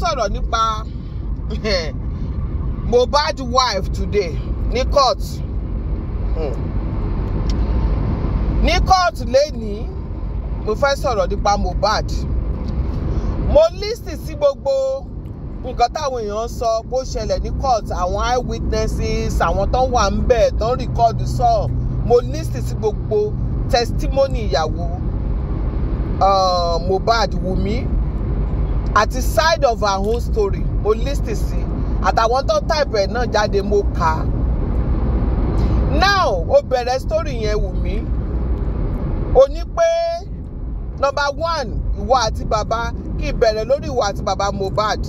sọ̀rọ̀ nípa Mohbad wife today ní court hmm. ní court lẹ́nìí mo fẹ́ sọ̀rọ̀ nípa Mohbad mo lísì sí gbogbo nǹkan táwọn èèyàn sọ bó ṣẹlẹ̀ ní court àwọn eye witnesses àwọn tó wà ń bẹ̀ tó ń rìkọ́dù sọ mo lísì sí gbogbo testimony ìyàwó uh, Mohbad Wùmí àti side of her own story mo list sí àtàwọn tó type ẹ̀ náà jáde mo kà á now ó bẹ̀rẹ̀ story yẹn wù mí ó ní pé number one ìwọ àti bàbá kí ìbẹ̀rẹ̀ lórí ìwọ àti bàbá Mohbad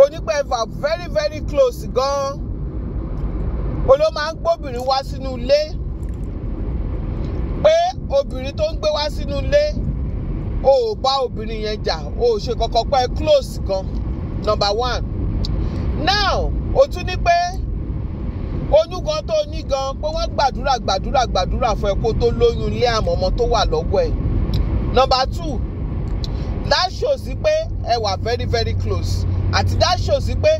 ó ní pé ẹ̀fà very very close gan ó ló máa ń gbóbìnrin wá sínú ilé pé obìnrin tó ń gbé wá sínú ilé o ò bá obìnrin yẹn jà o ò ṣe kankan pé close gan number one now o tún ní pé oyún gan tó ní gan pé wọ́n gbàdúrà gbàdúrà gbàdúrà fún ẹ kó tó lóyún ilé àmọ́ ọmọ tó wà lọ́wọ́ ẹ̀ number two that shows pé ẹ wà very very close àti that shows pé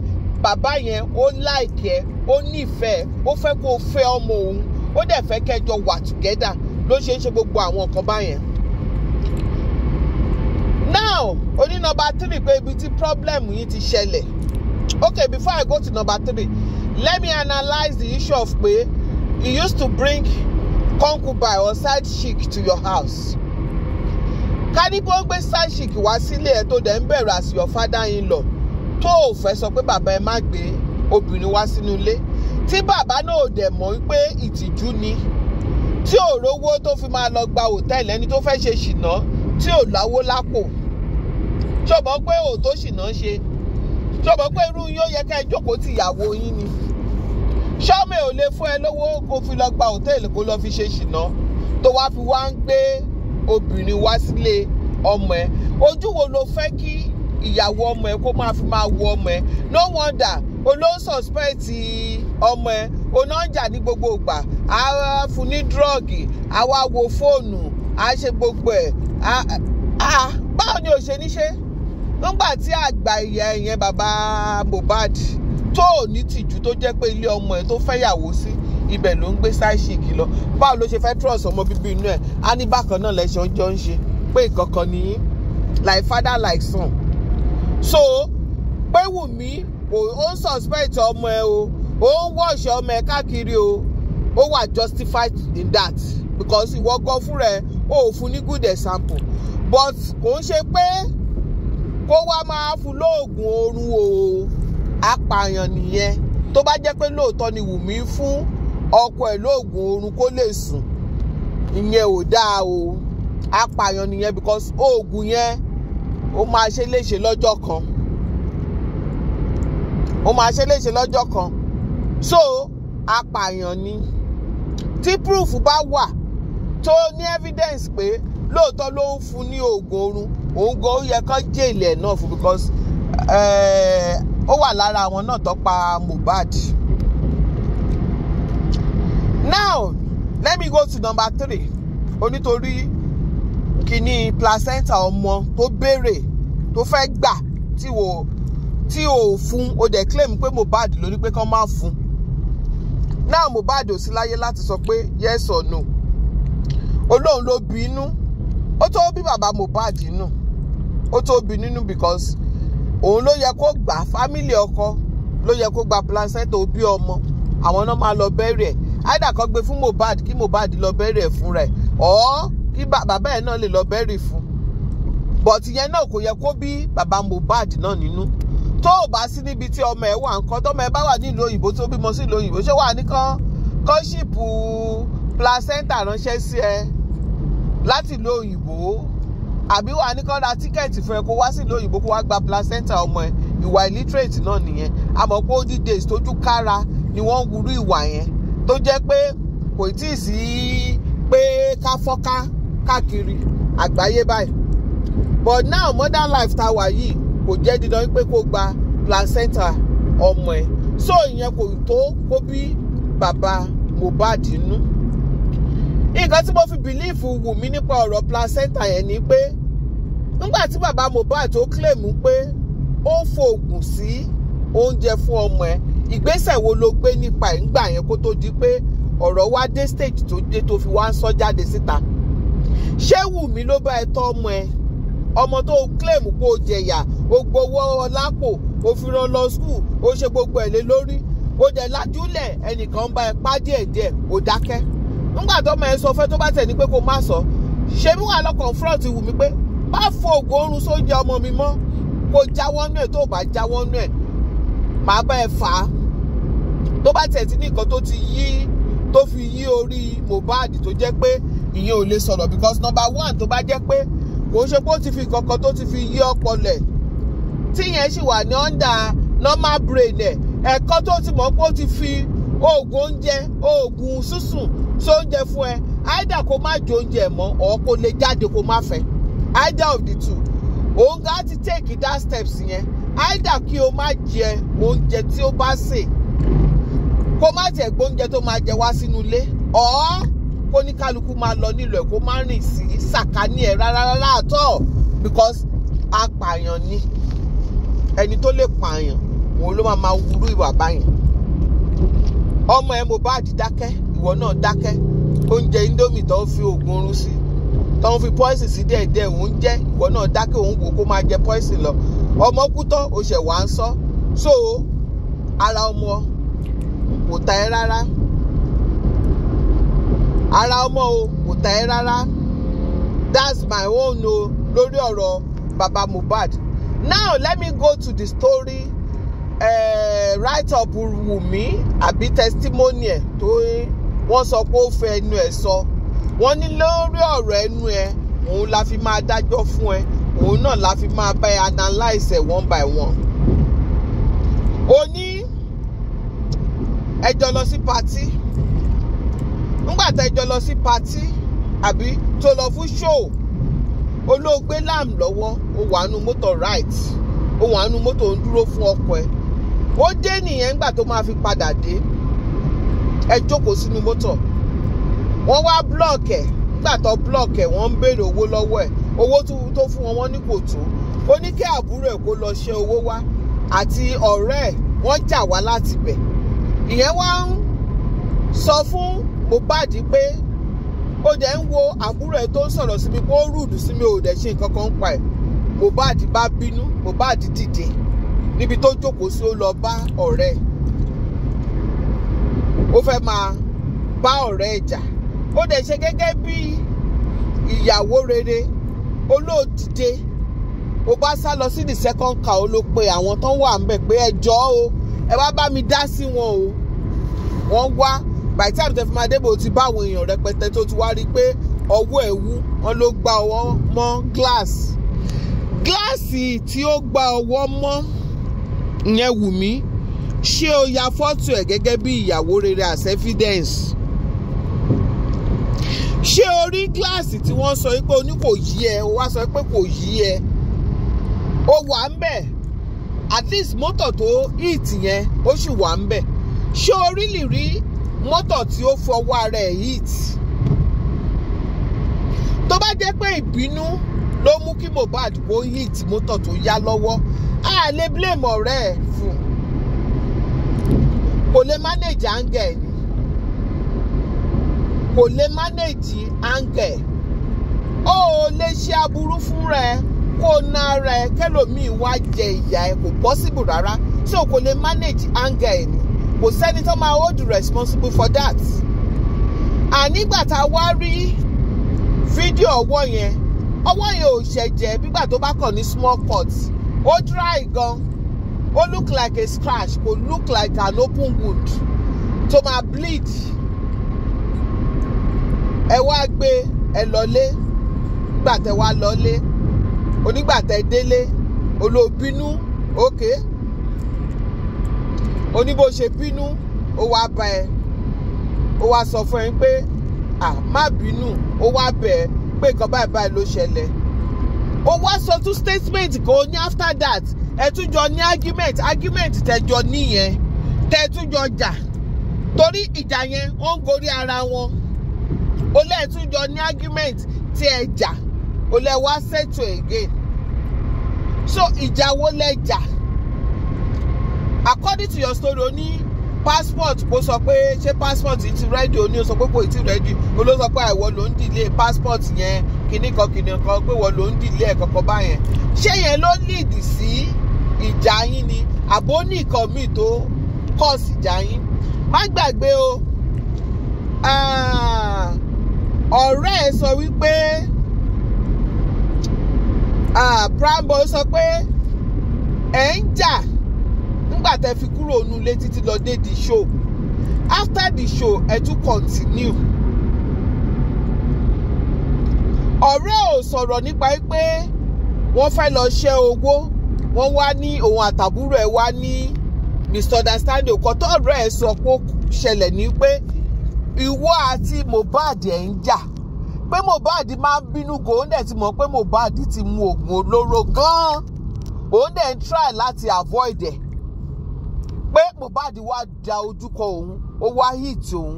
bàbá yẹn ó like ẹ ó nífẹ̀ẹ́ ó fẹ́ kó o fẹ́ ọmọ òun ó dẹ̀ fẹ́ kẹjọ wà together ló ṣe ń ṣe gbogbo àwọn nǹkan báyẹn now o ní number three pé ibi tí problem yìí ti ṣẹlẹ̀ okay before I go to number three let me analyse the issue of pé you used to bring concubine or side chick to your house ká ní kó ń gbé side chick wá sílé ẹ tó dẹ̀ ń bẹ̀rù as your father-in-law tó ò fẹ́ sọ pé bàbá ẹ má gbé obìnrin wá sínú ilé tí bàbá náà dẹ̀ mọ̀ wípé ìtìjú ni tí ò rówó tó fi máa lọ gba hòtẹ́ẹ̀lì ẹni tó fẹ́ ṣe ṣìnà tí ò láwó lápò ṣọ̀bọ̀ pé òótọ́ ṣìnà ṣe ṣọ̀bọ̀ pé irú yóò yẹ ká ẹ jókòó ti ìyàwó yín ni ṣọ́ọ̀mì ò lè fún ẹ lówó kó fi lọ gba òtẹ́ẹ̀lì kó lọ fi ṣe ṣìnà tó wá fi wá ń gbé obìnrin wá sílé ọmọ ẹ ojú wo ló fẹ́ kí ìyàwó ọmọ ẹ kó máa fi máa wo ọmọ ẹ no wonder olóńsọ̀spẹ̀tì ọmọ ẹ onájà ní gbogbo ìgbà á fún ní dírọ́ọ̀gì á wá wo fóònù á ṣe gbogbo ẹ̀ báwo ni ò ṣe ní ṣe nígbà tí àgbà ìyá ẹ̀yẹn bàbá Mohbad tó ní tìjú tó jẹ́ pé ilé ọmọ ẹ̀ tó fẹ́yàwó sí ibẹ̀ ló ń gbé sáìsìkì lọ báwo ló ṣe fẹ́ trọ́ọ̀sì ọmọ bíbí inú ẹ̀ á ní bákan náà lẹ́sẹ̀ ọjọ́ ń ṣe pé ìkọ̀kọ̀ nìyí like father like son so pé Wùmí ó ń suspect ọmọ ẹ o ó ń wọ̀ṣẹ̀ ọmọ ẹ káàkiri o ó wà justified in that because ìwọ gan fúnra ẹ ò fún ní good example but kò ń ṣe pé kó wá máa fún lóògùn oorun o apààyàn nìyẹn tó bá jẹ́ pé lóòótọ́ ni Wùmí fún ọkọ ẹ̀ lóògùn oorun kó lè sùn ìyẹn ò dáa o apààyàn nìyẹn because oògùn yẹn ó máa ṣe léṣe lọ́jọ́ kan ó máa ṣe léṣe lọ́jọ́ kan so apààyàn ni tí proof bá wà tó ní evidence pé lóòótọ́ ló ń fún ní oògùn oorun òun gan ó yẹ kán jèlè ẹ̀ náà fún because eh, ó wà lára àwọn náà tó pa Mohbad now let me go to number three onítorí kíní placenta ọmọ tó béèrè tó fẹ́ gbà tí wò ó tí o fún o dẹ̀ claim pé Mohbad ló ní pé kán má fún náà Mohbad ò sí láyé láti sọ pé yes or no olóhùn ló bínú ó tó bí bàbá Mohbad nù ó tó bí nínú because òun ló yẹ kó gbà fámìlì ọkọ ló yẹ kó gba placenta òbí ọmọ àwọn náà máa lọ bẹ̀rẹ̀ ẹ̀ àìdà kan gbé fún Mohbad kí Mohbad lọ bẹ̀rẹ̀ ẹ̀ fún rẹ̀ ọ́ kí bàbá ẹ̀ náà lè lọ bẹ̀rẹ̀ fún but ìyẹn náà kò yẹ kó bí bàbá Mohbad náà nínú tó o bá sí níbi tí ọmọ ẹ wà nǹkan tọmọ ẹ bá wà nílùú òyìnbó tó bímọ sí ìlú òyìnbó ṣé wà ní kan kọ́ńṣìpù placenta ránṣẹ́ sí ẹ láti ìlú òyìnbó àbí wà ní kán ra tíkẹ́ẹ̀tì fún ẹ kó wá sí ìlú òyìnbó kó wá gba placenta ọmọ ẹ ìwà illiterate náà nìyẹn àmọ́ pé ó days tójú kára ni wọ́n ń wúrú ìwà yẹn tó jẹ́ pé kò tí ì sí pé ká fọ́ká káàkiri àgbáyé báyìí but now modern life tá a wà yìí kò jẹ́ dídán pé kó gba placenta ọmọ ẹ so ìyẹn kò tó kó bí bàbá Mohbad nú. No? nǹkan tí mo fi bìlíìfù wù mí nípa ọ̀rọ̀ placenta yẹn ni pé nígbà tí bàbá Mohbad tó kílèmù pé ó fòògùn sí oúnjẹ fún ọmọ ẹ̀ ìgbésẹ̀ wo ló gbé nípa ẹ̀ ńgbà yẹn kó tó di pé ọ̀rọ̀ wá dé stage tó dé tó fi wá ń sọ jáde síta ṣé Wùmí ló bá ẹ tọ́ ọmọ ẹ ọmọ tó kílèmù pé ó jẹyà ó gbowó lápò ó fi rán lọ skul ó ṣe gbogbo ẹ̀ lé lórí ó dẹ̀ lajúlẹ̀ ẹnìkan bá ẹ pá díẹ̀díẹ̀ ó dákẹ́ nígbà tó máa ń sọ fẹ́ tó bá tẹ̀ ní pé kó má sọ ṣé bí wàá lọ confront wù mí pé má fo oògùn oorun sóúnjẹ ọmọ mi mọ́ kó jáwọ́ nú ẹ̀ tó bá jáwọ́ nú ẹ̀ màá bá ẹ fà á tó bá tẹ̀ sí ní nǹkan tó ti yí tó fi yí orí Mohbad tó jẹ́ pé ìyẹn ò lè sọ̀rọ̀ because number one tó bá jẹ́ pé kò ṣe pé ó ti fi kankan tó ti fi yí ọpọlẹ̀ tí yẹn sì wà ní under normal brain ẹ̀ ẹ̀kọ́ tó ti mọ̀ pé ó ti fi oògùn oúnjẹ oògùn sísùn sóúnjẹ fún ẹ either kó má jẹ oúnjẹ mọ́ or kó lè jáde kó má fẹ́ either of the two òun gan ti take that steps yẹn either kí o má jẹ oúnjẹ tí o bá sè kó má jẹ gbóúnjẹ tó máa jẹ wá sínú ilé or kó ní kálukú máa lọ nílò ẹ̀ kó má rìn sí sàkání ẹ̀ rárá rárá àtọ̀ because apààyàn ni ẹni tó lè pààyàn òun ló máa máa wúrú ìwà báyìí ọmọ ẹ̀ Mohbad dákẹ́ ìwọ náà dákẹ́ oúnjẹ indomie tó ń fi oògùn oorun sí tó ń fi poison sí díẹ̀díẹ̀ òun jẹ́ ìwọ náà dákẹ́ òun wò kó máa jẹ poison lọ ọmọ kú tán o ṣẹ̀ wá ń sọ so ara ọmọ kò ta ẹ́ rárá ara ọmọ o kò ta ẹ́ rárá that's my own o lórí ọ̀rọ̀ baba Mohbad now let me go to the story uh, eh, write up Wunmi àbí testimony ẹ̀ tó yẹ wọ́n sọ pé ó fẹ́ ẹnu ẹ̀ sọ wọ́n ní lórí ọ̀rọ̀ ẹnu ẹ òun la fi máa dájọ́ fún ẹ òun náà la fi máa bá ẹ analyse ẹ one by one. o ní ẹjọ́ lọ sí patí nígbà tá ẹjọ́ lọ sí patí àbí tó lọ fún show olóògbé lam lọ́wọ́ ó wà nù mọ́tò right ó wà nù mọ́tò ń dúró fún ọkọ ẹ̀ ó dé nìyẹn nígbà tó máa fi padà dé ẹ jókòó sínú mọ́tò wọ́n wá blọ́ọ̀kì ẹ̀ nígbà tó blọ́ọ̀kì ẹ̀ wọ́n ń béèrè owó lọ́wọ́ ẹ̀ owó tó fún wọn wọ́n ní kò tó ó ní kí àbúrò ẹ̀ kó lọ ṣe owó wá àti ọ̀rẹ́ ẹ̀ wọ́n jà wá láti bẹ̀ ìyẹn wá ń sọ fún Mohbad pé ó jẹ́ ń wo àbúrò ẹ̀ tó ń sọ̀rọ̀ sí mi pé ó rùdù sí mi ò dẹ̀ ṣe nǹkan kan pa ẹ̀ Mohbad bá bínú Mohbad dìde níbi tó jókòó sí ó lọ bá ọ̀rẹ́ ẹ̀ ó fẹ́ máa bá ọ̀rẹ́ ẹ̀ jà ó dẹ̀ ṣe gẹ́gẹ́ bí ìyàwó rere olóòdìde ó bá sá lọ sí the second car ó ló pe àwọn tó ń wà ń bẹ̀ pé ẹ jọ̀ọ́ o ẹ wá bá mi dá sí wọn o wọ́n wá by time tẹ fi máa débò ti bá àwọn èèyàn rẹpẹtẹ tó ti wá rí i pé ọwọ́ ẹ̀ wú wọn ló gba ọwọ́ mọ́ glass gíláàsì tí ó gba ọwọ́ mọ́ ìyẹn wù mí ṣé o ya fọ́tò ẹ̀ gẹ́gẹ́ bí ìyàwó rere as evidence ṣé o rí gíláàsì tí wọ́n sọ pé o ní kò yí ẹ o wá sọ pé kò yí ẹ o wà ń bẹ̀ at least mọ́tò tó hìtì yẹn ó sì wà ń bẹ̀ ṣé o rí lè rí mọ́tò tí ó fọwọ́ ara ẹ̀ hìtì tó bá jẹ́ pé ìbínú ló mú kí Mohbad wọ́n hìtì mọ́tò tó yá lọ́wọ́ a lè blame ọ̀rẹ́ ẹ̀ fún un. kò lè manage anger ni kò lè manage anger ó lè ṣe aburú fún rẹ kó na rẹ kẹlòmíì wá jẹ ìyá ẹ kò possible rárá so kò lè manage anger ẹ ni kò sẹ́ni tó máa hold responsible for that ànígbà tá a wá rí fídíò ọwọ́ yẹn ọwọ́ yẹn ò ṣẹ̀jẹ̀ bígbà tó bá kàn ní small court ó dry gan ó look like a scratch kò look like an open wound tó máa bleed ẹ wá gbé ẹ lọlé nígbà tẹ wá lọlé onígbà tẹ délé olóbínú òkè oníbó ṣe bínú ó wá bá ẹ ó wá sọ fún ẹ pé à má bínú ó wá bẹ̀ ẹ́ pé nǹkan báyìí báyìí ló ṣẹlẹ̀ ó wá sọ two statement kan ní after that ẹ ní argument argument tẹjọ nìyẹn tẹ jà torí ìjà yẹn ó ń gorí ara wọn ó lẹ́ẹ̀ ní argument tí ẹ jà ó wá settle again so ìjà wo lẹ jà according to your story o ní passport ó sọ pé ṣé passport ti ready o ní o sọ pé kò ti ready o ló sọ pé àìwọ ah, ló ń delay passport yẹn kìnnìkan kìnnìkan pé wọ́n ló ń delay ẹ̀kọ̀kọ̀ báyẹn ṣé yẹn ló lead sí. Si? ìjà yín ni àbó ní nǹkan míì tó kọ́ọ̀sì ìjà yín má gbàgbé o ah, ọ̀rẹ́ ẹ̀ sọ wípé ah, Primeboy ó sọ pé ẹ̀ ń jà nígbà tẹ́ fi kúrò nínú títí lọ dé di show after the show ẹ tún continue ọ̀rẹ́ ò sọ̀rọ̀ nípa pé wọ́n fẹ́ lọ ṣẹ́ owó wọ́n wá ní òun àtàbúrò ẹ̀ wá ní misunderstanding ọkọ tó ọ̀rọ̀ ẹ̀ sọ pé ó ṣẹlẹ̀ ní pé ìwọ àti Mohbad ẹ̀ ń jà pé Mohbad máa ń bínú kò ó dẹ̀ ti mọ̀ pé Mohbad ti mu oògùn olóró gan-an òun dẹ̀ ń try láti avoid ẹ̀ pé Mohbad wá da ojúkọ òun ó wá hit òun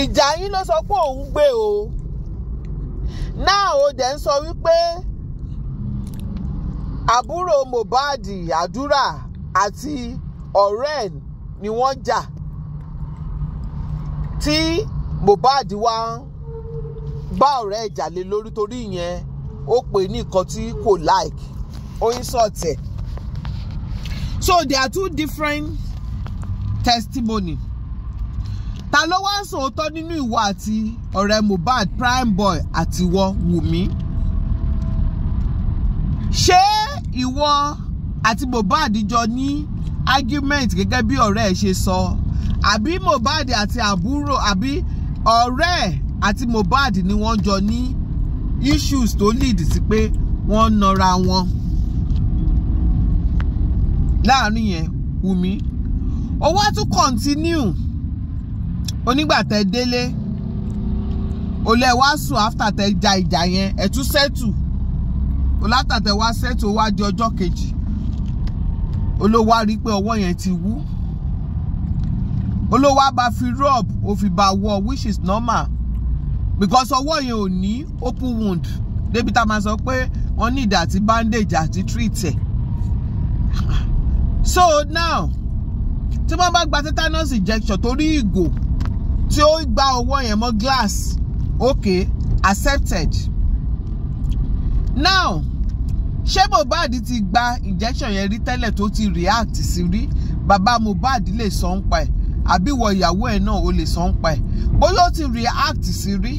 ìjà yín ló sọ pé òun gbé o náà ó dẹ̀ ń sọ wípé àbúrò Mohbad àdúrà àti ọ̀rẹ́ ẹ̀ ni wọ́n jà tí Mohbad wá bá ọ̀rẹ́ ẹ̀ jà lé lórí torí ìyẹn ó pè ní nǹkan tí kò like ó ń sọ̀tẹ̀. so there are two different testimony ta ló wá sòótọ́ nínú ìwọ àti ọ̀rẹ́ Mohbad Primeboy àti ìwọ Wùmí ṣé ìwọ àti Mohbad jọ ní argument gẹ́gẹ́ bí ọ̀rẹ́ ẹ̀ ṣe sọ àbí Mohbad àti àbúrò àbí ọ̀rẹ́ ẹ̀ àti Mohbad ni wọ́n jọ ní issues tó lead sí pé wọ́n ń nọra wọn láàrin yẹn Wùmí ó wá tún continue onígbà tẹ́ délé ó lè wá sùn after tẹ́ ja ìjà yẹn ẹ tún settle látàtẹ̀ wá sẹ́tù wá di ọjọ́ kejì olówó á rí pé ọwọ́ yẹn ti wú olówó á bá fi rub ó wọ which is normal because ọwọ́ yẹn ò ní open wound débi tá a máa sọ pé wọ́n ní ìdá àti bandage àti treat so now tí wọ́n bá gba tetanus injection torí ìgò tí ó gba ọwọ́ yẹn mọ́ glass okay accepted now ṣé Mohbad ti gba injection yẹn rí tẹ́lẹ̀ tó ti react sí rí bàbá Mohbad lè sọ ń pa ẹ̀ àbí wọ ìyàwó ẹ̀ náà ó lè sọ pa ẹ̀ bóyá ó ti react sí rí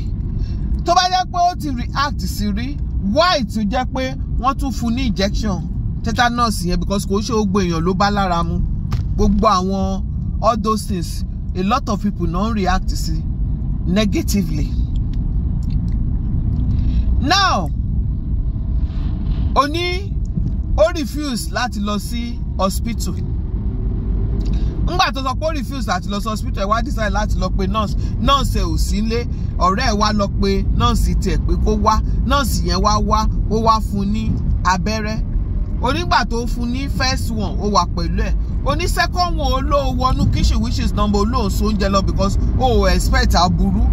tó bá jẹ́ pé ó ti react sí rí why tó jẹ́ pé wọ́n tún fún ní injection tetanus yẹn because kò ṣe gbogbo èèyàn ló bá lára mu gbogbo àwọn all those things a lot of people no react sí negatively now ó ní ó refuse láti lọ sí hospital ńgbà tó sọ pé ó refuse láti lọ sí hospital ẹ wá decide láti lọ pe nurse nurse ẹ ò sí nílé ọ̀rẹ́ ẹ wá lọ pe nurse tiẹ̀ pé kó wá nurse yẹn wá wá ó wá fún ní abẹ́rẹ́ onígbà tó fún ní first one ó wà pẹ̀lú ẹ̀ oní second one olóò wọnú kitchen which is number olóò so oúnjẹ lọ because o oh, expect aburú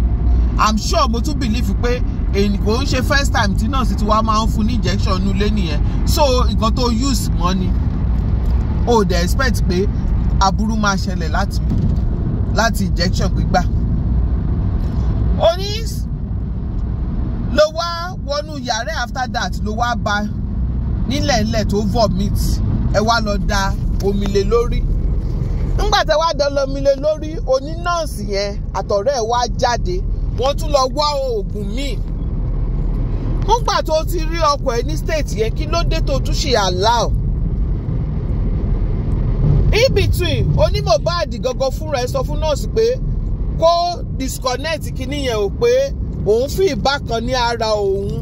i'm sure mo tún believe pé kò ń ṣe first time tí nọ́ọ̀sì ti wá máa ń fún ní injection nulé nìyẹn so nǹkan tó use mọ́ ni o oh, dey expect pé aburú máa ṣẹlẹ̀ láti láti injection gbígbà ó ní ló wá wọnú yàrá after that ló wá ba nílẹ̀ nílẹ̀ tó vomit ẹ wá lọ da omi lé lórí nígbà tí ẹ wá da omi lé lórí oní nọ́ọ̀sì yẹn àtọ̀rẹ́ ẹ wá jáde wọ́n tún lọ wá oògùn míì ńgbà tó ti rí ọkọ̀ ẹ ní state yẹn kí ló dé tó tún ṣe allow in between onímọ̀báàdì gangan fúnra ẹ sọ fún nọ́ọ̀sì pé kó disconnect kinní yẹn ò pé òun fi ìbákan ní ara òun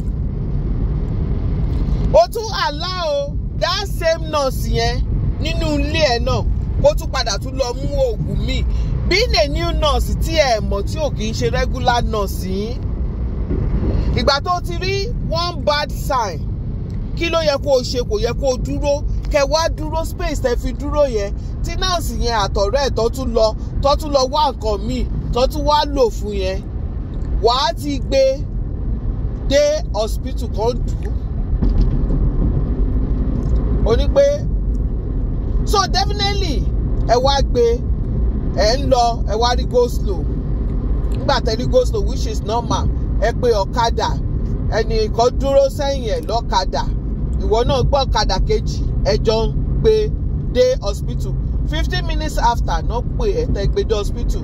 ó tún allow that same nurse yẹn nínú ilé ẹ náà kó tún padà tún lọ mú oògùn míì bí ní new nurse tí ẹ mọ̀ tí ò kì í ṣe regular nurse yín ìgbà tó ti rí one bad sign kí ló yẹ kó o ṣe kò yẹ kó o dúró kẹ wá dúró space tẹ fi dúró yẹn tí nọ́ọ̀sì yẹn àtọ̀rẹ́ ẹ̀ tó tún lọ tó tún lọ wá nǹkan míì tó tún wá lò fún yẹn wàá ti gbé dé hospital kan dùn ó ní pé so definitely ẹ wá gbé ẹ ń lọ ẹ wá rí go slow nígbà tẹ rí go slow which is normal ẹ pé ọ̀kadà ẹnìkan dúró sẹ́yìn ẹ̀ lọ́kadà ìwọ náà gbọ́ ọ̀kadà kejì ẹ jọ ń gbé dé hospital fifteen minutes after náà pè ẹ tẹ́ gbé dé hospital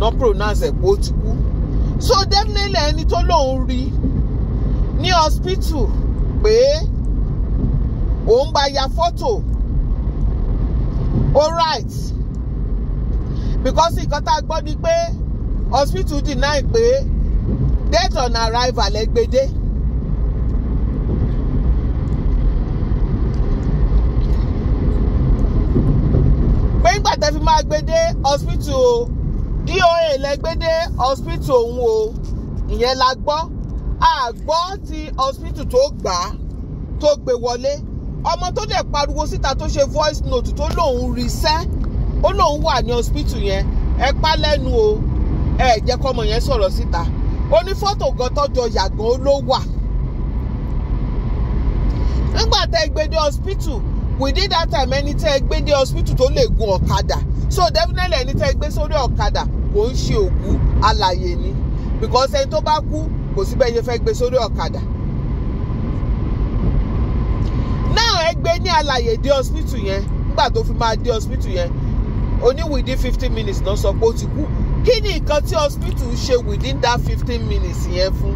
náà pronounce ẹ̀ pé ó ti kú so definitely ẹni tó lóun rí ní hospital pé òun bá ya fọ́tò right. because nǹkan tá a gbọ́ ni pé hospital deny pé death on arrival ẹ gbé dé. pé ńgbà tẹ́ fi máa gbé hospital o doa lẹ hospital òun o ìyẹn la gbọ́ a gbọ́ ti hospital tó gbà á tó gbé wọlé ọmọ tó dẹ̀ pariwo síta tó ṣe voice note tó lóun rí sẹ́ ó lóun wà ní hospital yẹn ẹ pa lẹ́nu o ẹ jẹ́ kọ́mọ yẹn sọ̀rọ̀ síta onífọ́tò gan tọ́jọ yàgàn ló wà nígbà tẹ́ ẹ gbé dé hospital within that time ẹni tẹ́ ẹ gbé dé hospital tó lè gun ọ̀kadà so definitely ẹni tẹ́ ẹ gbé sórí ọ̀kadà kò ń ṣe òkú alàyè ni because ẹni tó bá kú kò sí bẹ́ẹ̀ ṣe fẹ́ gbé sórí ọ̀kadà náà ẹ gbé ní alàyè dé hospital yẹn nígbà tó fi máa dé hospital yẹn oní within fifteen minutes náà sọ pé ó ti kú kí ni nǹkan tí hospital ṣe within that fifteen minutes yẹn fún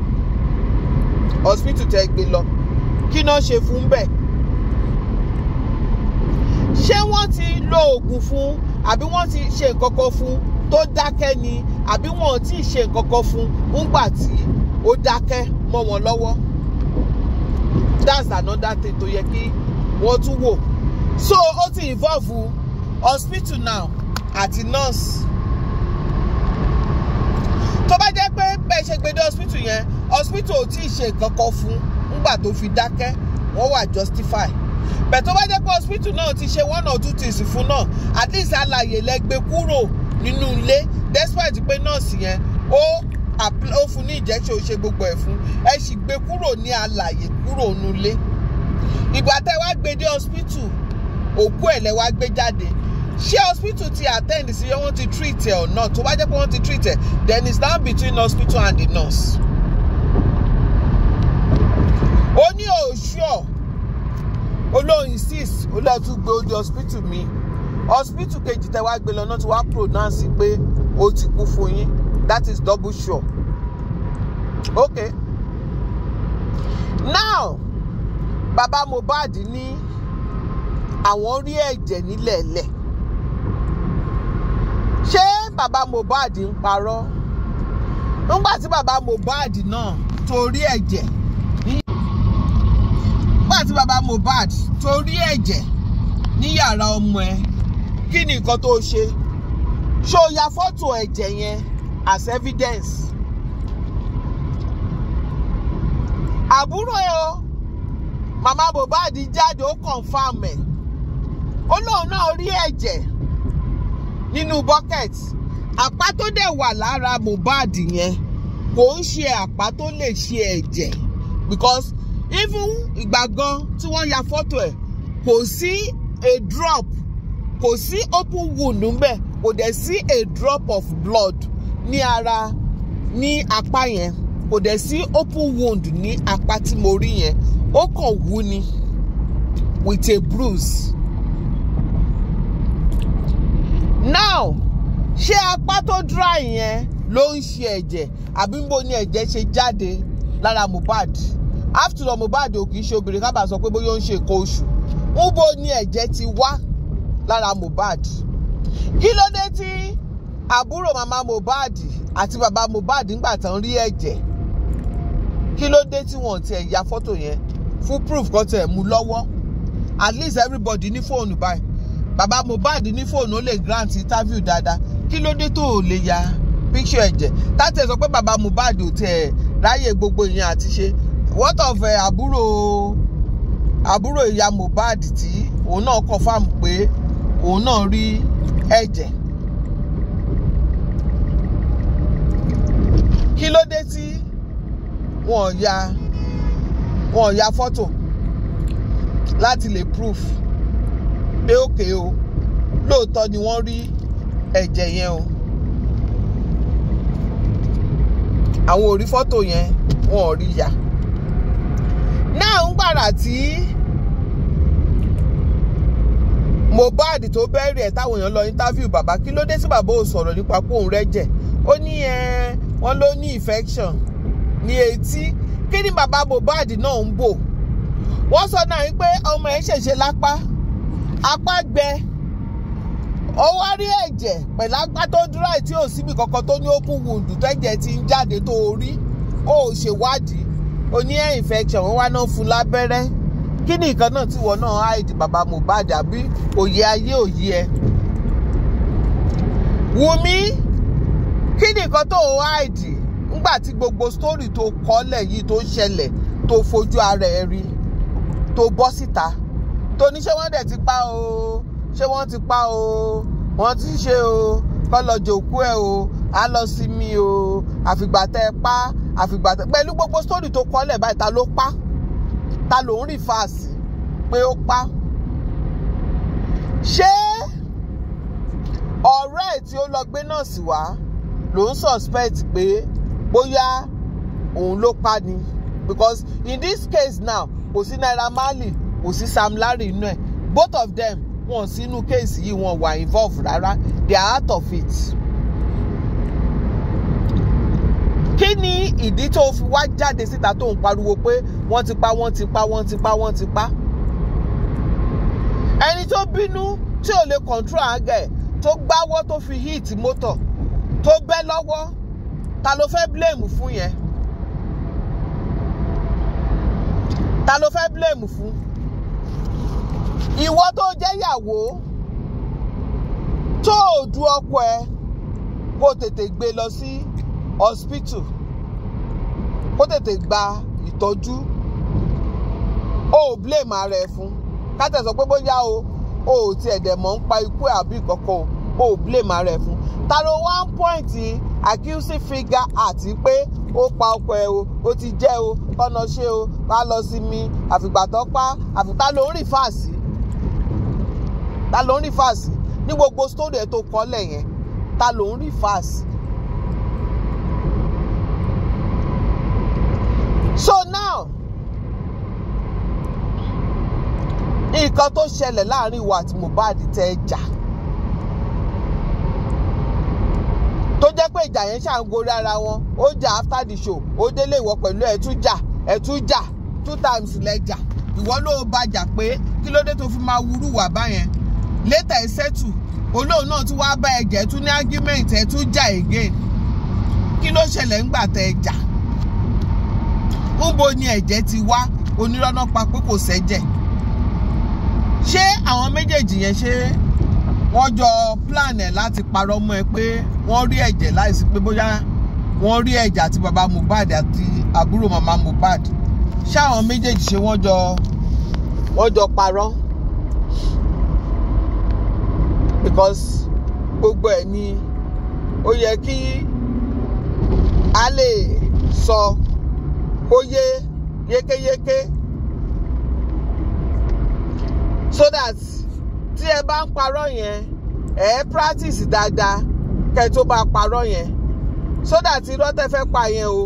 hospital tẹ́ gbé lọ kí náà ṣe fún bẹ́ẹ̀ ṣé wọ́n ti lo oògùn fún àbí wọ́n ti ṣe nǹkan kan fún tó dákẹ́ ni àbí wọn ò tí ì ṣe nǹkan fún nígbà tí ó dákẹ́ mọ́ wọn lọ́wọ́ that's another thing tó yẹ kí wọ́n tún wò so ó ti involve hospital now àti nurse tó bá jẹ́ pé bẹ́ẹ̀ ṣe gbé dé hospital yẹn hospital ò tí ì ṣe nǹkan kan fún nígbà tó fi dákẹ́ wọ́n wà justify bẹ́ẹ̀ tó bá jẹ́ pé hospital náà ti ṣe one or two things fún náà at least alàyè lẹ gbé kúrò nínú ilé despite pé nọ́ọ̀sì yẹn ó ó fún ní injection ó ṣe gbogbo ẹ̀ fún ẹ sì gbé kúrò ní alàyè kúrò nínú ilé ìgbà tẹ́ wá gbé dé hospital òkú ẹ̀ lẹ wá gbé jáde ṣé hospital ti attend sí yẹ wọ́n ti treat ẹ̀ or not tó bá jẹ́ pé wọ́n ti treat ẹ̀ then it's down between hospital and the nurse. ó ní òṣùọ̀ oh, olóhùn insist olóòtú gbé ojú hospital mi hospital kejì tẹ wá gbé lọ náà ti wá pronounce pé ó ti kú fún yín that is double sure okay now baba Mohbad ní àwọn rí ẹ̀jẹ̀ nílẹ̀ẹ́lẹ̀ bàbá Mohbad ń parọ́ nígbà tí bàbá Mohbad náà torí ẹ̀jẹ̀ nígbà tí bàbá Mohbad torí ẹ̀jẹ̀ ní yàrá ọmọ ẹ kí ni nǹkan tó ṣe ṣó ya fọ́tò ẹ̀jẹ̀ yẹn as evidence àbúrò ẹ o màmá Mohbad jáde ó confam ẹ ó lóun náà rí ẹ̀jẹ̀ nínú bucket àpá tó dẹ̀ wà lára Mohbad yẹn kò ń ṣe àpá tó lè ṣe ẹ̀jẹ̀ because even ìgbà gan tí wọ́n ya fọ́tò ẹ̀ kò sí a drop kò sí open wound níbẹ̀ kò dẹ̀ sí a drop of blood ní ara ní apá yẹn kò dẹ̀ sí open wound ní apá tí mo rí yẹn ó kàn wú ni with a bruise apá tó dry yẹn ló ń ṣe ẹ̀jẹ̀ àbí ń bo ni ẹ̀jẹ̀ ṣe jáde lára Mohbad after all Mohbad ò kì í ṣe obìnrin kábàá sọ pé bóyá ó ń ṣe nǹkan oṣù ń bo ni ẹ̀jẹ̀ ti wá lára Mohbad kí ló dé tí àbúrò màmá Mohbad àti bàbá Mohbad ńgbà tán rí ẹ̀jẹ̀ kí ló dé tí wọn ti ẹ̀ ya fọ́tò yẹn fún proof kan tẹ̀ mú lọ́wọ́ at least everybody ní fóònù báyìí bàbá Mohbad ní fóònù ó lè grant interview dáadáa kí ló dé tó lè ya picture ẹ̀jẹ̀ tátẹ̀ sọ pé bàbá Mohbad ò tẹ̀ ráyè gbogbo ìyẹn àti ṣe what of eh, àbúrò àbúrò ìyá Mohbad tí òun náà confirm pé òun náà rí ẹ̀jẹ̀ kí ló dé tí wọ́n ya wọ́n ya fọ́tò láti lè proof pé òkè o lóòótọ́ ni wọ́n rí ẹ̀jẹ̀ yẹn o àwọn ò rí fọ́tò yẹn wọn ò rí ya náà ń gbàrà tí Mohbad tó bẹ́ẹ̀rẹ̀ ẹ̀ táwọn èèyàn lọ interview bàbá kí ló dé sí bàbá ò sọ̀rọ̀ nípa pé òun rẹ́jẹ̀ ó ní ẹ wọ́n ló ní infection ní etí kí ni bàbá Mohbad náà ń bò wọ́n sọ náà wípé ọmọ ẹ̀ ṣẹ̀ṣẹ̀ lápá apá gbẹ ó wá rí ẹ̀jẹ̀ pẹ̀lú apá tó dry tí ò síbi kankan tó ní open wound tẹ́jẹ̀ ti ń jáde tó o rí ó ṣèwádìí ó ní ẹ̀ infection wọ́n wá náà fún lábẹ́rẹ́ kí ni nǹkan náà tí wọ́n náà hide bàbá Mohbad àbí òye ayé òye ẹ̀ Wùmí kí ni nǹkan tó hide nígbà tí gbogbo story tó kọ́lẹ̀ yìí tó ṣẹlẹ̀ tó fojú ara ẹ̀ rí tó bọ́ síta tó ní ṣé wọ́n dẹ̀ ti pa o ṣé wọ́n ti pa o wọ́n ti ṣe o kọ́ lọ jòkú ẹ̀ o á lọ sí o àfìgbà tẹ́ ẹ pa àfìgbà tẹ́ pẹ̀lú gbogbo sórí tó kọ́lẹ̀ báyìí ta ló pa ta ló ń rìn fàásì pé ó pa ṣé ọ̀rẹ́ ẹ̀ tí ó lọ gbé nọ́ọ̀sì wá ló ń suspect pé bóyá òun ló pa ni because in this case now kò sí Naira Marley kò sí Sam Larry inú ẹ̀ both of them wọn sínú kéèsì yìí wọn wà involve rárá they are out of it. kí ni ìdí tó fi wá jáde síta tó ń pariwo pé wọ́n ti pa wọ́n ti pa wọ́n ti pa wọ́n ti pa ẹni tó bínú tí ò lè control àgẹ̀ tó gbáwọ́ tó fi hit motor. tó bẹ́ lọ́wọ́ ta ló fẹ́ blame fún yẹn ta ló fẹ́ blame fún ìwọ tó jẹ́yàwó tó o du ọkọ ẹ kó o tètè gbé lọ sí hospital kó o tètè gba ìtọ́jú o ò blame ara ẹ fún kátà sọ pé bóyá o o ò tiẹ̀ dẹ̀ mọ́ ń pa ikú ẹ̀ àbí ìkọ̀kọ̀ o ò blame ara ẹ fún ta ló one point accusing finger àti pé ó pa ọkọ ẹ o ó ti jẹ́ o kọ́nà ṣe o bá lọ sí mi àfìgbà tó pa àfìgbà ló ń rìn fàásì ta ló ń reverse ní gbogbo story ẹ̀ tó kọ́lẹ̀ yẹn ta ló ń reverse. so now nǹkan tó ṣẹlẹ̀ láàrin ìwà àti Mohbad tẹ́ ẹ jà tó jẹ́ pé ìjà yẹn ṣà ń gorí ara wọn ó jà after the show ó délé ìwọ pẹ̀lú ẹ̀ tún jà ẹ̀ tún jà two times lẹ́jà ìwọ ló bàjà pé kí ló dé tó fi máa wúrú wà báyẹn later ẹ settle olóhùn náà tún wáá bá ẹ jẹ́ tún ní argument ẹ tún jà again kí ló ṣẹlẹ̀ ńgbà tẹ ẹ jà ńbo ni ẹ̀jẹ̀ ti wá onírọ́nà pa pé kò sẹ́jẹ̀ ṣé àwọn méjèèjì yẹn ṣe wọ́n jọ plan ẹ̀ láti parọ́ mọ́ ẹ pé wọ́n rí ẹ̀jẹ̀ láìsí pé bóyá wọ́n rí ẹ̀jẹ̀ àti bàbá Mohbad àti àbúrò màmá Mohbad ṣé àwọn méjèèjì ṣe wọ́n jọ wọ́n jọ parọ́ because gbogbo ẹ̀ ni ó yẹ kí a lè sọ kó yé yékéyéké so that tí ẹ bá ń parọ́ yẹn ẹ practice dáadáa kẹ́ tó bá parọ́ yẹn so that irọ́ tẹ́ fẹ́ pa yẹn o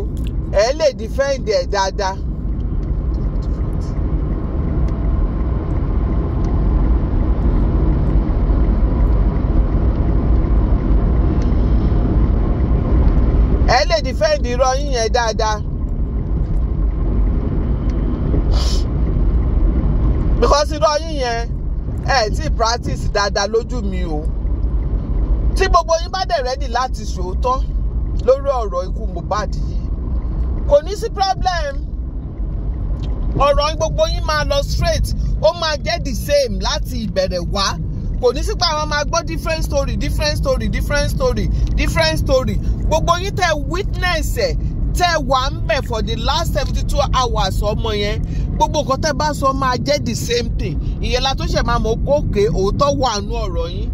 ẹ lè defend ẹ̀ dáadáa. lè defend irọ́ yín yẹn dáadáa. because irọ́ yín yẹn ẹ ti practice dáadáa lójú mi o tí gbogbo yín bá dẹ̀ ready láti ṣòótọ́ lórí ọ̀rọ̀ ikú Mohbad yìí kò ní sí problem ọ̀rọ̀ gbogbo yín máa lọ straight ó máa jẹ́ the same láti ìbẹ̀rẹ̀ wá kò ní sípò àwọn máa gbọ́ different story different story different story different story gbogbo yín tẹ witness ẹ̀ tẹ wà ń bẹ̀ for the last seventy two hours ọmọ yẹn gbogbo nǹkan tẹ bá sọ máa jẹ́ the same thing ìyẹn la tó ṣe máa mọ̀ kókè òótọ́ wà nú ọ̀rọ̀ yín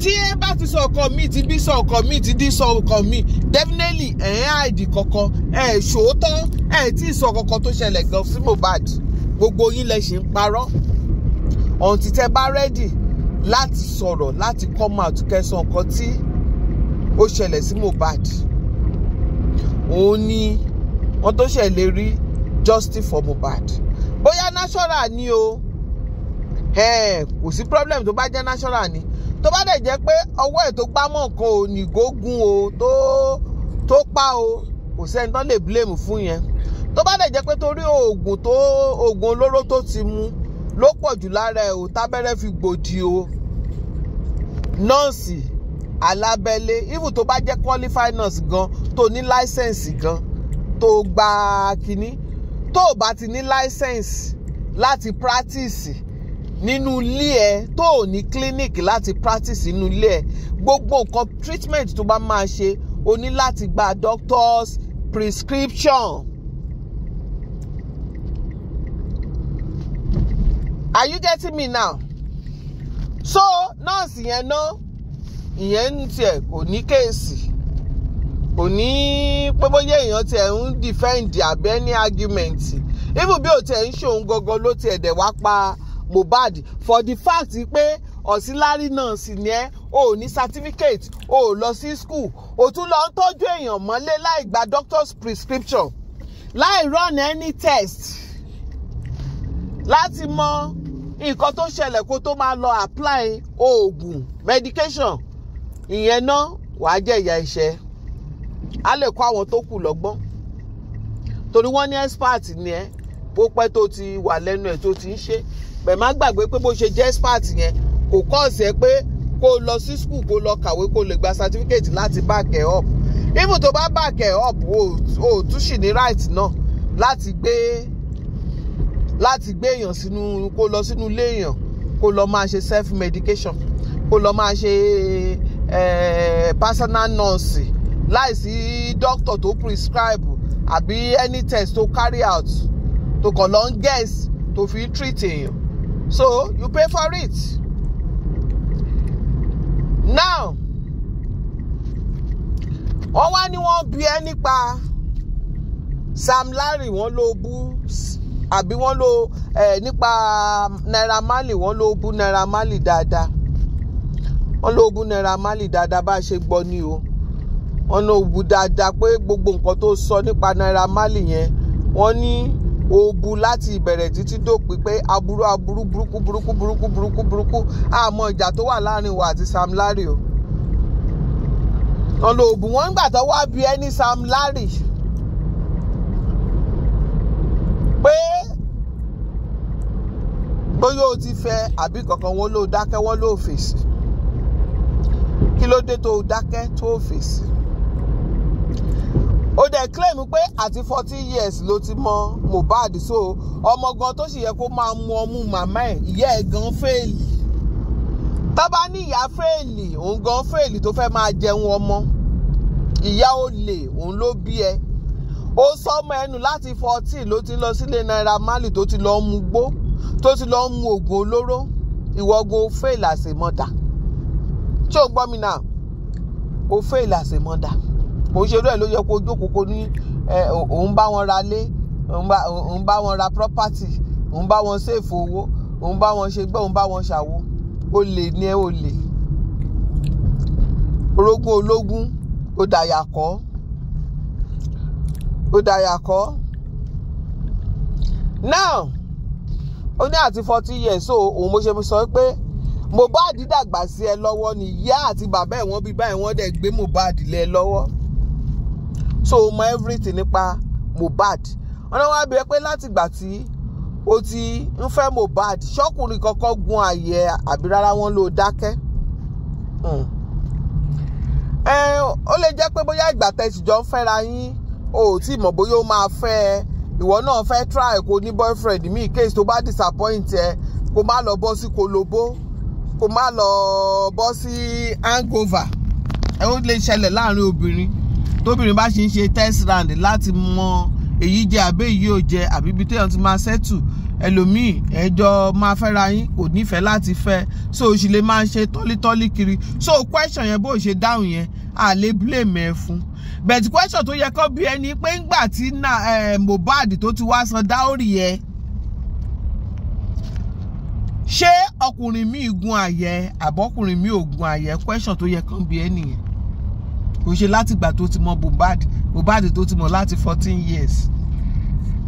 tí ẹ bá ti sọ ọkọ mi ti bí sọ ọkọ mi ti dí sọ ọkọ mi definitely ẹ̀ ń àìdì kankan ẹ̀ ṣòótọ́ ẹ̀ tí ì sọ kankan tó ṣẹlẹ̀ gan sí Mohbad gbogbo yín lẹ ṣì ń parọ́ ọ̀hún ti tẹ bá rẹ́dì láti sọ̀rọ̀ láti come out kẹsàn nǹkan tí ó ṣẹlẹ̀ sí Mohbad òun ni wọ́n tó ṣẹ̀ lè rí justice for Mohbad bóyá natural ni o kò sí problem tó bá jẹ́ natural ni tó bá dẹ̀ jẹ́ pé ọwọ́ ẹ̀ tó gbámọ̀ nǹkan ò ní gógùn o tó tó pa o kò sẹ́ni tán lè blame fún yẹn tó bá dẹ̀ jẹ́ pé torí oògùn tó oògùn olóró tó ti mu ló pọ̀ jù lára ẹ̀ o tábẹ́rẹ́ fi gbòdì o nọ́ọ̀sì alábẹ́lé even tó bá jẹ́ qualified nurse gan tó ní license gan tó gba kínní tó o bá ti ní license láti practice nínú ilé ẹ tó o ní clinic láti practice nínú ilé ẹ gbogbo nǹkan treatment tó bá máa ṣe o ní láti gba doctors prescription are you getting me now so nọ́ọ̀sì yẹn ná ìyẹn ń tiẹ̀ kò ní kéèsì kò ní pé bóyá èèyàn tiẹ̀ ń defend abẹ́ ní argument even bí o tiẹ̀ ń ṣòun gangan ló tiẹ̀ dẹ̀ wá pa Mohbad for the fact pé ọ̀sílárí náà sì ni ẹ́ o ò ní certificate o ò lọ sí school o tún lọ ń tọ́jú èèyàn mọ́lé láì gba doctor's prescription láì run any test láti mọ nǹkan tó ṣẹlẹ̀ kó tó máa lọ apply oògùn medication ìyẹn náà wàá jẹ́ ìyà iṣẹ́ á lè kọ́ àwọn tó kù lọ́gbọ́n torí wọ́n ní expert ni ẹ́ bó pẹ́ tó ti wà lẹ́nu ẹ̀ tó ti ń ṣe bẹ̀ má gbàgbé pé bó ṣe jẹ́ expert yẹn kò kọ́ọ̀sì ẹ pé kó o lọ sí school kó o lọ kàwé kó o lè gba certificate láti back ẹ up even tó bá back ẹ up o ò tún ṣì ní right náà láti gbé. No láti gbé èèyàn sínú kó lọ sínú ilé èèyàn kó lọ máa ṣe self medication kó lọ máa ṣe personal nurse láìsí doctor tó prescribe àbí any test tó carry out tó kàn lọ ń guess tó fi treat èèyàn so you pay for it now wọ́n wá ní wọ́n bí ẹ nípa Sam Larry wọ́n ló bú àbí wọ́n lo nípa Naira mali wọ́n lo bú Naira Marley dáadáa wọ́n ló bú Naira Marley dáadáa bá a ṣe gbọ́ ni o wọ́n ló bú dáadáa pé gbogbo nǹkan tó sọ nípa Naira Marley yẹn wọ́n ní obu láti ìbẹ̀rẹ̀ títí dópin pé aburú aburú burúkú burúkú burúkú burúkú burúkú àmọ́ ìjà tó wà láàrin wa àti Sam Larry o wọ́n lo oògùn wọn gbà tó wá bí ẹni Sam Larry bóyá o ti fẹ́ àbí kankan wọn ló dákẹ́ wọn ló fèsì kí ló dé tó dákẹ́ tó fèsì ó dẹ̀ claim pé àti forty years ló ti mọ Mohbad so ọmọ gan tó sì yẹ kó máa mu ọmú màmá ẹ̀ ìyá ẹ̀ gan fẹ́ẹ̀lì tọ́ba ní ìyá fẹ́ẹ̀lì òun gan fẹ́ẹ̀lì tó fẹ́ máa jẹun ọmọ ìyá olè òun ló bí ẹ ó sọmọ ẹnu láti fourteen ló ti lọ sílé Naira Marley tó ti lọ mú gbó tó ti lọ ń mu oògùn olóró ìwọ́gun ó fail àṣemọ́dà tí ò ń gbọ́ mi náà ó fail àṣemọ́dà òun ṣe irú ẹ̀ ló yẹ kó jókòó kó ní òun bá wọn ra lé òun bá wọn ra property òun bá wọn ṣèfò owó òun bá wọn ṣe gbọ́ òun bá wọn ṣàwo olè ni ẹ olè orogún ológun ó dàyà kọ́ ó dàyà kọ́ now ó ní àti forty years so òun mo ṣe sọ pé Mohbad dàgbà sí ẹ lọ́wọ́ ni ìyá àti bàbá ẹ̀ wọ́n bí báyìí wọ́n dẹ̀ gbé Mohbad lé lọ́wọ́ so o mọ everything nípa Mohbad ọ̀nà wa bẹ̀rẹ̀ pé látìgbà tí o ti ń fẹ́ Mohbad ṣọ́kùnrin kọ́kọ́ gun àyè àbí rárá wọn ló dákẹ́ hmm. ó lè jẹ́ pé bóyá ìgbà tẹ̀síjọ́ ń fẹ́ra yín o ò tí ì mọ̀ bóyá ó máa fẹ́ ẹ ìwọ náà fẹ́ try kó ní boyfriend mi in case tó bá disappoint ẹ kó má lọ bọ́ sí kolobo kó má lọ bọ́ sí hangover ẹ ó lè ṣẹlẹ̀ láàrin obìnrin tóbìnrin bá ṣe ń ṣe test round láti mọ èyí jẹ àbí èyí ò jẹ àbí ibi téèyàn ti máa settle ẹlòmíì ẹjọ máa fẹ́ra yín kò nífẹ̀ẹ́ láti fẹ́ so òṣìlè máa ń ṣe tọ́lítọ́lí kiri so question yẹn bó ṣe dáhùn yẹn à blame ẹ fún un bẹ̀tí question tó yẹ kó bí ẹni pé ńgbà tí eh, Mohbad tó ti wá san dáórì yẹn ṣé ọkùnrin mi gun àyẹ àbọ̀kùnrin mi ò gun àyẹ question tó yẹ kó bí ẹni yẹn kò ṣe látìgbà tó ti mọ Mohbad Mohbad tó ti mọ láti fourteen years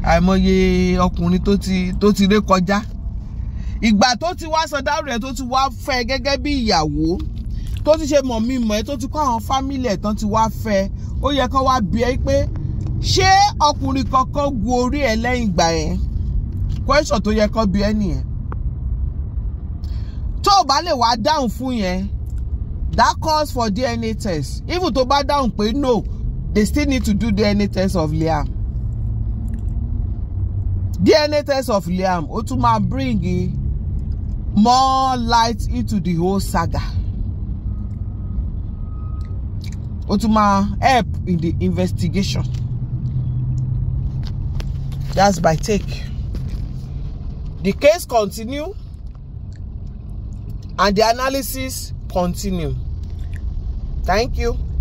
àìmọye ọkùnrin tó ti tó ti ré kọjá ìgbà tó ti wá san dáórì yẹn tó ti wá fẹ́ gẹ́gẹ́ bí ìyàwó tó ti ṣe mọ̀ mi mọ̀ ẹ́ tó ti kọ́ àwọn fámìlì ẹ̀ tán ti wá fẹ́ ó yẹ kó wá bí ẹ pé ṣé ọkùnrin kankan gu orí ẹ lẹ́yìn ìgbà yẹn kwẹ́sọ̀ tó yẹ kó bí ẹ nìyẹn tó o bá lè wá dáhùn fún yẹn that calls for DNA test even tó bá dáhùn pé no they still need to do DNA test of Liam DNA test of Liam ó tún máa bring more light into the whole saga ó tún máa help in the investigation that's by take the case continue and the analysis continue thank you.